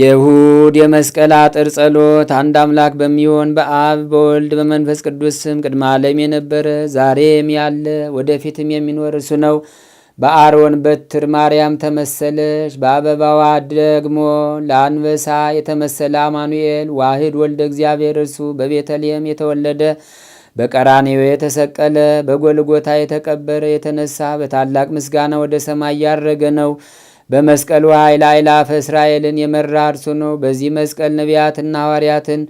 የእሁድ የመስቀል አጥር ጸሎት። አንድ አምላክ በሚሆን በአብ በወልድ በመንፈስ ቅዱስ ስም ቅድመ ዓለም የነበረ ዛሬም ያለ ወደፊትም የሚኖር እርሱ ነው። በአሮን በትር ማርያም ተመሰለች፣ በአበባዋ ደግሞ ለአንበሳ የተመሰለ አማኑኤል ዋህድ ወልደ እግዚአብሔር እርሱ በቤተልሔም የተወለደ በቀራኔው የተሰቀለ በጎልጎታ የተቀበረ የተነሳ በታላቅ ምስጋና ወደ ሰማይ ያረገ ነው። በመስቀሉ ኃይል አእላፈ እስራኤልን የመራ እርሱ ነው። በዚህ መስቀል ነቢያትና ሐዋርያትን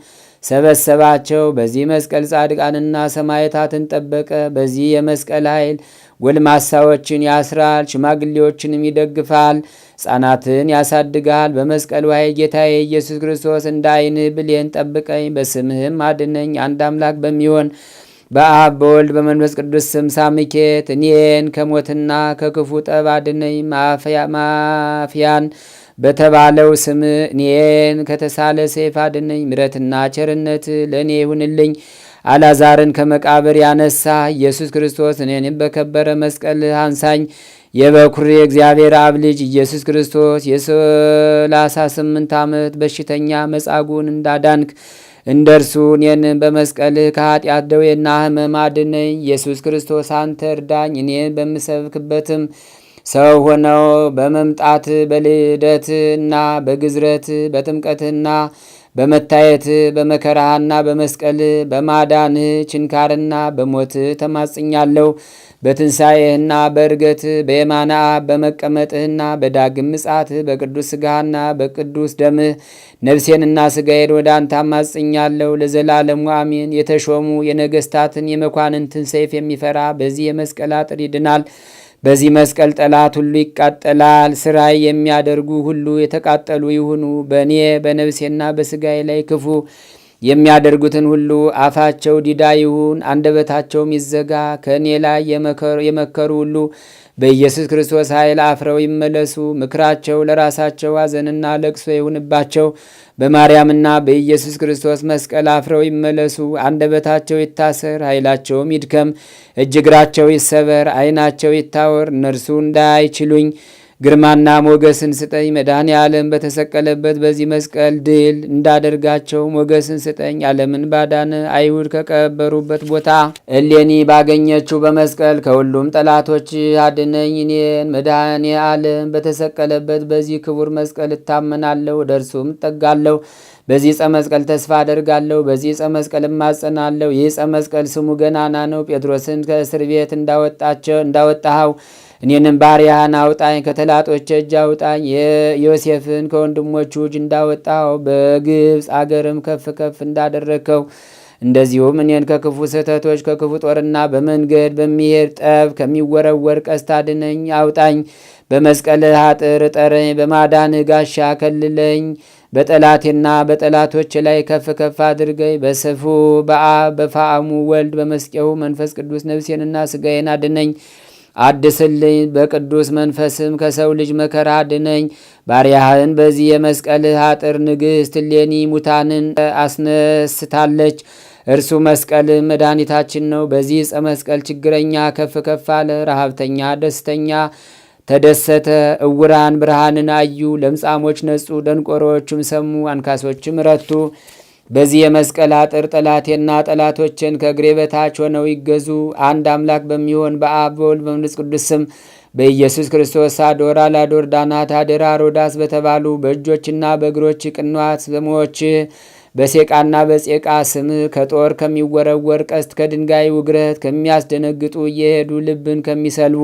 ሰበሰባቸው። በዚህ መስቀል ጻድቃንና ሰማዕታትን ጠበቀ። በዚህ የመስቀል ኃይል ጎልማሳዎችን ያስራል፣ ሽማግሌዎችንም ይደግፋል፣ ሕፃናትን ያሳድጋል። በመስቀሉ ኃይል ጌታዬ ኢየሱስ ክርስቶስ እንደ ዓይንህ ብሌን ጠብቀኝ፣ በስምህም አድነኝ። አንድ አምላክ በሚሆን በአብ በወልድ በመንፈስ ቅዱስ ስም ሳምኬት እኔን ከሞትና ከክፉ ጠብ አድነኝ። ማፍያን በተባለው ስም እኔን ከተሳለ ሰይፍ አድነኝ። ምረትና ቸርነት ለእኔ ይሁንልኝ። አላዛርን ከመቃብር ያነሳ ኢየሱስ ክርስቶስ እኔንም በከበረ መስቀል አንሳኝ። የበኩር የእግዚአብሔር አብ ልጅ ኢየሱስ ክርስቶስ የሰላሳ ስምንት ዓመት በሽተኛ መጻጉን እንዳዳንክ እንደ እርሱ እኔን በመስቀልህ ከኃጢአት ደዌና ሕመም አድነኝ። ኢየሱስ ክርስቶስ አንተ እርዳኝ። እኔ በምሰብክበትም ሰው ሆነው በመምጣት በልደትና በግዝረት በጥምቀትና። በመታየት በመከራህና በመስቀል በማዳንህ ችንካርና በሞትህ ተማጽኛለሁ። በትንሣኤህና በእርገት በየማና በመቀመጥህና በዳግም ምጻት በቅዱስ ሥጋህና በቅዱስ ደምህ ነፍሴንና ሥጋዬን ወደ አንተ አማጽኛለሁ። ለዘላለሙ አሜን። የተሾሙ የነገሥታትን የመኳንንትን ሰይፍ የሚፈራ በዚህ የመስቀል አጥር ይድናል። በዚህ መስቀል ጠላት ሁሉ ይቃጠላል። ስራይ የሚያደርጉ ሁሉ የተቃጠሉ ይሁኑ። በእኔ በነፍሴና በስጋዬ ላይ ክፉ የሚያደርጉትን ሁሉ አፋቸው ዲዳ ይሁን፣ አንደበታቸውም ይዘጋ። ከእኔ ላይ የመከሩ ሁሉ በኢየሱስ ክርስቶስ ኃይል አፍረው ይመለሱ። ምክራቸው ለራሳቸው ሐዘንና ለቅሶ ይሁንባቸው። በማርያምና በኢየሱስ ክርስቶስ መስቀል አፍረው ይመለሱ። አንደበታቸው ይታሰር፣ ኃይላቸውም ይድከም፣ እጅ እግራቸው ይሰበር፣ ዓይናቸው ይታወር፣ እነርሱ እንዳይችሉኝ ግርማና ሞገስን ስጠኝ። መድኃኔ ዓለም በተሰቀለበት በዚህ መስቀል ድል እንዳደርጋቸው ሞገስን ስጠኝ። ዓለምን ባዳነ አይሁድ ከቀበሩበት ቦታ እሌኒ ባገኘችው በመስቀል ከሁሉም ጠላቶች አድነኝ። እኔን መድኃኔ ዓለም በተሰቀለበት በዚህ ክቡር መስቀል እታመናለሁ፣ ወደ እርሱም እጠጋለሁ። በዚህ ዕፀ መስቀል ተስፋ አደርጋለሁ። በዚህ ዕፀ መስቀል እማጸናለሁ። ይህ ዕፀ መስቀል ስሙ ገናና ነው። ጴጥሮስን ከእስር ቤት እንዳወጣቸው እንዳወጣኸው እኔንም ባሪያህን አውጣኝ፣ ከተላጦች እጅ አውጣኝ። ዮሴፍን ከወንድሞቹ እጅ እንዳወጣው በግብፅ አገርም ከፍ ከፍ እንዳደረግከው እንደዚሁም እኔን ከክፉ ስህተቶች ከክፉ ጦርና በመንገድ በሚሄድ ጠብ ከሚወረወር ቀስት አድነኝ፣ አውጣኝ። በመስቀል አጥር እጠረኝ፣ በማዳን ጋሻ ከልለኝ። በጠላቴና በጠላቶች ላይ ከፍ ከፍ አድርገኝ። በስፉ በአብ በፋአሙ ወልድ በመስቀው መንፈስ ቅዱስ ነፍሴንና ስጋዬን አድነኝ። አድስልኝ፣ በቅዱስ መንፈስም ከሰው ልጅ መከራ አድነኝ። ባሪያህን በዚህ የመስቀል አጥር ንግሥት እሌኒ ሙታንን አስነስታለች። እርሱ መስቀል መድኃኒታችን ነው። በዚህ ዕፀ መስቀል ችግረኛ ከፍ ከፍ አለ፣ ረሃብተኛ ደስተኛ ተደሰተ። እውራን ብርሃንን አዩ፣ ለምጻሞች ነጹ፣ ደንቆሮዎችም ሰሙ፣ አንካሶችም ረቱ። በዚህ የመስቀል አጥር ጠላቴና ጠላቶችን ከእግሬ በታች ሆነው ይገዙ። አንድ አምላክ በሚሆን በአብ በወልድ በመንፈስ ቅዱስ ስም በኢየሱስ ክርስቶስ አዶራ ላዶር ዳናት አደራ ሮዳስ በተባሉ በእጆችና በእግሮች ቅኗት ስሞች በሴቃና በጼቃ ስም ከጦር ከሚወረወር ቀስት ከድንጋይ ውግረት ከሚያስደነግጡ እየሄዱ ልብን ከሚሰልቡ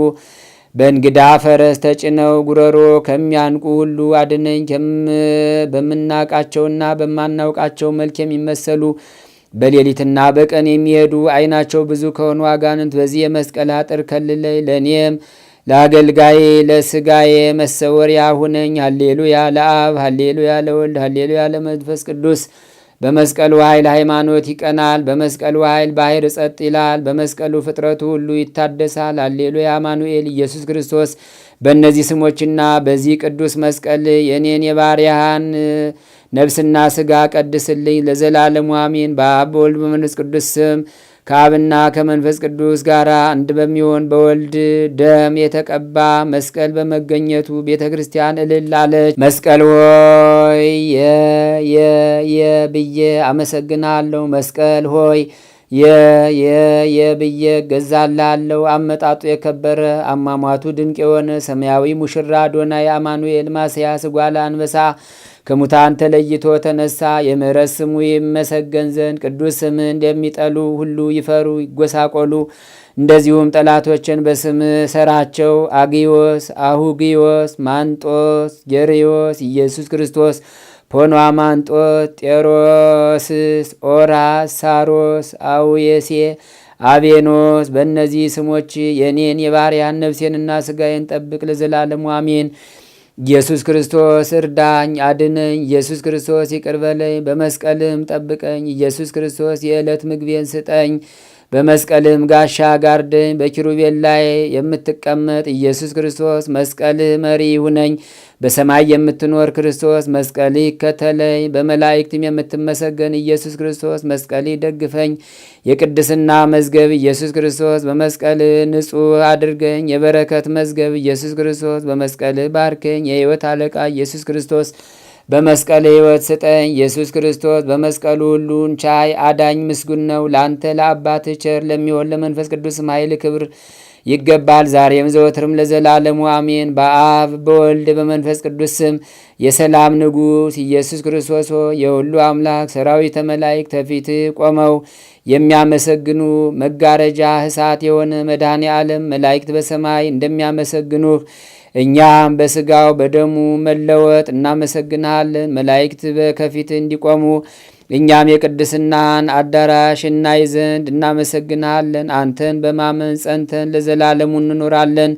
በእንግዳ ፈረስ ተጭነው ጉረሮ ከሚያንቁ ሁሉ አድነኝ። በምናውቃቸውና በማናውቃቸው መልክ የሚመሰሉ በሌሊትና በቀን የሚሄዱ ዓይናቸው ብዙ ከሆኑ አጋንንት በዚህ የመስቀል አጥር ከልለይ ለእኔም ለአገልጋዬ ለስጋዬ መሰወሪያ ሁነኝ። ሀሌሉያ ለአብ ሀሌሉያ ለወልድ ሀሌሉያ ለመንፈስ ቅዱስ በመስቀሉ ኃይል ሃይማኖት ይቀናል። በመስቀሉ ኃይል ባህር ጸጥ ይላል። በመስቀሉ ፍጥረቱ ሁሉ ይታደሳል። አሌሉያ አማኑኤል ኢየሱስ ክርስቶስ። በእነዚህ ስሞችና በዚህ ቅዱስ መስቀል የእኔን የባርያህን ነፍስና ስጋ ቀድስልኝ ለዘላለሙ አሜን። በአብ በወልድ በመንፈስ ቅዱስ ስም ከአብና ከመንፈስ ቅዱስ ጋር አንድ በሚሆን በወልድ ደም የተቀባ መስቀል በመገኘቱ ቤተ ክርስቲያን እልል አለች። መስቀል ሆይ የ ብዬ አመሰግናለሁ። መስቀል ሆይ የብዬ ገዛላለው አመጣጡ የከበረ አሟሟቱ ድንቅ የሆነ ሰማያዊ ሙሽራ አዶናይ አማኑኤል ማስያስ ጓላ አንበሳ ከሙታን ተለይቶ ተነሳ። የምሕረት ስሙ ይመሰገን ዘንድ ቅዱስ ስም እንደሚጠሉ ሁሉ ይፈሩ ይጎሳቆሉ እንደዚሁም ጠላቶችን በስም ሰራቸው። አጊዮስ፣ አሁጊዮስ፣ ማንጦስ፣ ጌሪዮስ፣ ኢየሱስ ክርስቶስ፣ ፖኗ ማንጦስ፣ ጤሮስስ፣ ኦራስ፣ ሳሮስ፣ አውየሴ አቤኖስ በእነዚህ ስሞች የኔን የባሪያን ነፍሴንና ስጋዬን ጠብቅ ለዘላለሙ አሜን። ኢየሱስ ክርስቶስ እርዳኝ፣ አድነኝ። ኢየሱስ ክርስቶስ ይቅርበለኝ፣ በመስቀልም ጠብቀኝ። ኢየሱስ ክርስቶስ የዕለት ምግቤን ስጠኝ። በመስቀልህም ጋሻ ጋርደኝ። በኪሩቤል ላይ የምትቀመጥ ኢየሱስ ክርስቶስ መስቀልህ መሪ ይሁነኝ። በሰማይ የምትኖር ክርስቶስ መስቀል ይከተለኝ። በመላእክትም የምትመሰገን ኢየሱስ ክርስቶስ መስቀል ደግፈኝ። የቅድስና መዝገብ ኢየሱስ ክርስቶስ በመስቀል ንጹሕ አድርገኝ። የበረከት መዝገብ ኢየሱስ ክርስቶስ በመስቀል ባርከኝ። የሕይወት አለቃ ኢየሱስ ክርስቶስ በመስቀል ሕይወት ስጠኝ። ኢየሱስ ክርስቶስ በመስቀሉ ሁሉን ቻይ አዳኝ ምስጉን ነው። ለአንተ ለአባት ቸር ለሚሆን ለመንፈስ ቅዱስ ኃይል ክብር ይገባል ዛሬም ዘወትርም ለዘላለሙ አሜን። በአብ በወልድ በመንፈስ ቅዱስ ስም የሰላም ንጉሥ ኢየሱስ ክርስቶስ የሁሉ አምላክ ሰራዊተ መላእክት ተፊት ቆመው የሚያመሰግኑ መጋረጃ እሳት የሆነ መድኃኔ ዓለም መላእክት በሰማይ እንደሚያመሰግኑህ እኛም በስጋው በደሙ መለወጥ እናመሰግናለን። መላእክት በከፊት እንዲቆሙ እኛም የቅድስናን አዳራሽ እናይ ዘንድ እናመሰግናለን። አንተን በማመን ጸንተን ለዘላለሙ እንኖራለን።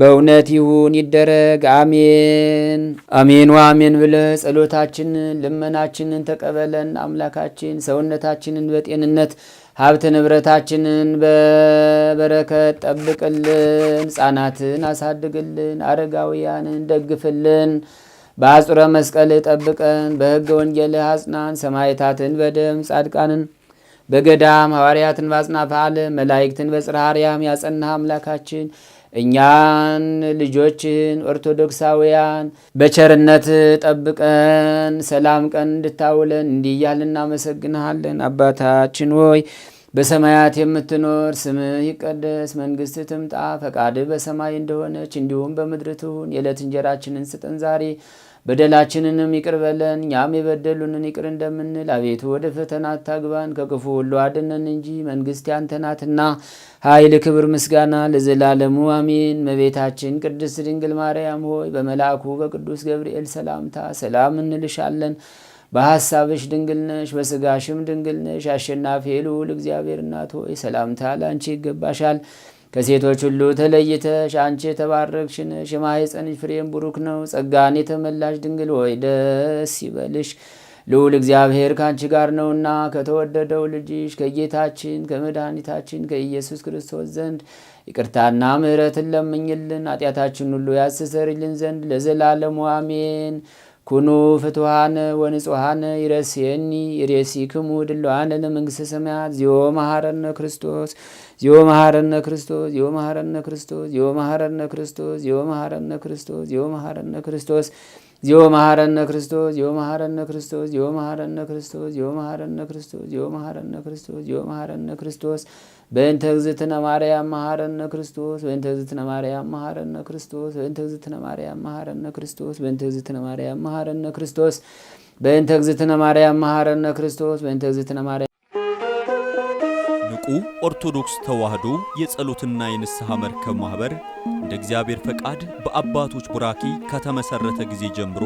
በእውነት ይሁን ይደረግ። አሜን አሜን አሜን ብለ ጸሎታችንን ልመናችንን ተቀበለን። አምላካችን ሰውነታችንን በጤንነት ሀብት ንብረታችንን በበረከት ጠብቅልን፣ ሕፃናትን አሳድግልን፣ አረጋውያንን ደግፍልን። በአጽረ መስቀል ጠብቀን፣ በህገ ወንጌል አጽናን። ሰማይታትን በደም ጻድቃንን በገዳም ሐዋርያትን በአጽናፈ ዓለም መላእክትን በጽርሐ አርያም ያጸናህ አምላካችን እኛን ልጆችን ኦርቶዶክሳውያን በቸርነት ጠብቀን ሰላም ቀን እንድታውለን እንዲህ እያል እናመሰግንሃለን። አባታችን ሆይ በሰማያት የምትኖር ስምህ ይቀደስ፣ መንግስት ትምጣ፣ ፈቃድህ በሰማይ እንደሆነች እንዲሁም በምድር ትሁን። የዕለት እንጀራችንን ስጠን ዛሬ በደላችንንም ይቅር በለን እኛም የበደሉንን ይቅር እንደምንል። አቤቱ ወደ ፈተና አታግባን ከክፉ ሁሉ አድነን እንጂ መንግስት ያንተ ናትና ኃይል፣ ክብር፣ ምስጋና ለዘላለሙ አሜን። መቤታችን ቅድስት ድንግል ማርያም ሆይ በመልአኩ በቅዱስ ገብርኤል ሰላምታ ሰላም እንልሻለን። በሐሳብሽ ድንግል ነሽ፣ በሥጋሽም ድንግል ነሽ። አሸናፊ ልዑል እግዚአብሔር እናት ሆይ ሰላምታ ላንቺ ይገባሻል። ከሴቶች ሁሉ ተለይተሽ አንቺ የተባረክሽ ነሽ፣ የማኅፀንሽ ፍሬም ቡሩክ ነው። ጸጋን የተመላሽ ድንግል ሆይ ደስ ይበልሽ፣ ልዑል እግዚአብሔር ከአንቺ ጋር ነውና ከተወደደው ልጅሽ ከጌታችን ከመድኃኒታችን ከኢየሱስ ክርስቶስ ዘንድ ይቅርታና ምሕረትን ለምኝልን ኃጢአታችን ሁሉ ያስተሰርይልን ዘንድ ለዘላለሙ አሜን። ኩኑ ፍትሃን ወንጹሃን ወንጹሃነ ይሬሲ ይሬሲክሙ ድለዋነ ለመንግስተ ሰማያት ዚዮ መሐረነ ክርስቶስ ዚዮ መሐረነ ክርስቶስ ዚዮ መሐረነ ክርስቶስ ዚዮ መሐረነ ክርስቶስ ዚዮ መሐረነ ክርስቶስ ዚዮ መሐረነ ክርስቶስ ዚኦ መሐረነ ክርስቶስ ዚኦ መሐረነ ክርስቶስ ዚኦ መሐረነ ክርስቶስ ዚኦ መሐረነ ክርስቶስ ዚኦ መሐረነ ክርስቶስ ዚኦ መሐረነ ክርስቶስ በእንተ እግዝእትነ ማርያም መሐረነ ክርስቶስ በእንተ እግዝእትነ ማርያም መሐረነ ክርስቶስ በእንተ እግዝእትነ ማርያም መሐረነ ክርስቶስ በእንተ እግዝእትነ ማርያም መሐረነ ክርስቶስ በእንተ እግዝእትነ ማርያም መሐረነ ክርስቶስ በእንተ እግዝእትነ ማርያም የታላቁ ኦርቶዶክስ ተዋህዶ የጸሎትና የንስሐ መርከብ ማኅበር እንደ እግዚአብሔር ፈቃድ በአባቶች ቡራኪ ከተመሠረተ ጊዜ ጀምሮ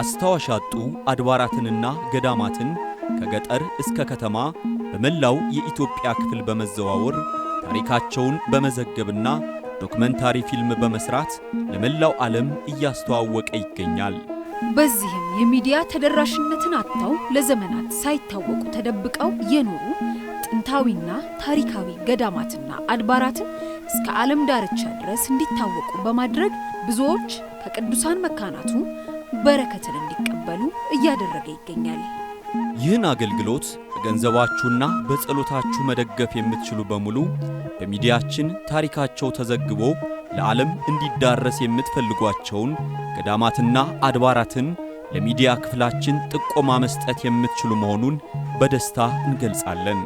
አስተዋሻጡ አድባራትንና ገዳማትን ከገጠር እስከ ከተማ በመላው የኢትዮጵያ ክፍል በመዘዋወር ታሪካቸውን በመዘገብና ዶክመንታሪ ፊልም በመስራት ለመላው ዓለም እያስተዋወቀ ይገኛል። በዚህም የሚዲያ ተደራሽነትን አጥተው ለዘመናት ሳይታወቁ ተደብቀው የኖሩ ጥንታዊና ታሪካዊ ገዳማትና አድባራትን እስከ ዓለም ዳርቻ ድረስ እንዲታወቁ በማድረግ ብዙዎች ከቅዱሳን መካናቱ በረከትን እንዲቀበሉ እያደረገ ይገኛል። ይህን አገልግሎት በገንዘባችሁና በጸሎታችሁ መደገፍ የምትችሉ በሙሉ በሚዲያችን ታሪካቸው ተዘግቦ ለዓለም እንዲዳረስ የምትፈልጓቸውን ገዳማትና አድባራትን ለሚዲያ ክፍላችን ጥቆማ መስጠት የምትችሉ መሆኑን በደስታ እንገልጻለን።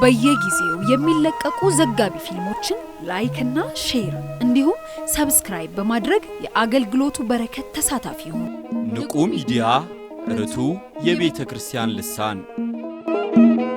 በየጊዜው የሚለቀቁ ዘጋቢ ፊልሞችን ላይክ እና ሼር እንዲሁም ሰብስክራይብ በማድረግ የአገልግሎቱ በረከት ተሳታፊ ይሁኑ። ንቁ ሚዲያ ርቱ የቤተ ክርስቲያን ልሳን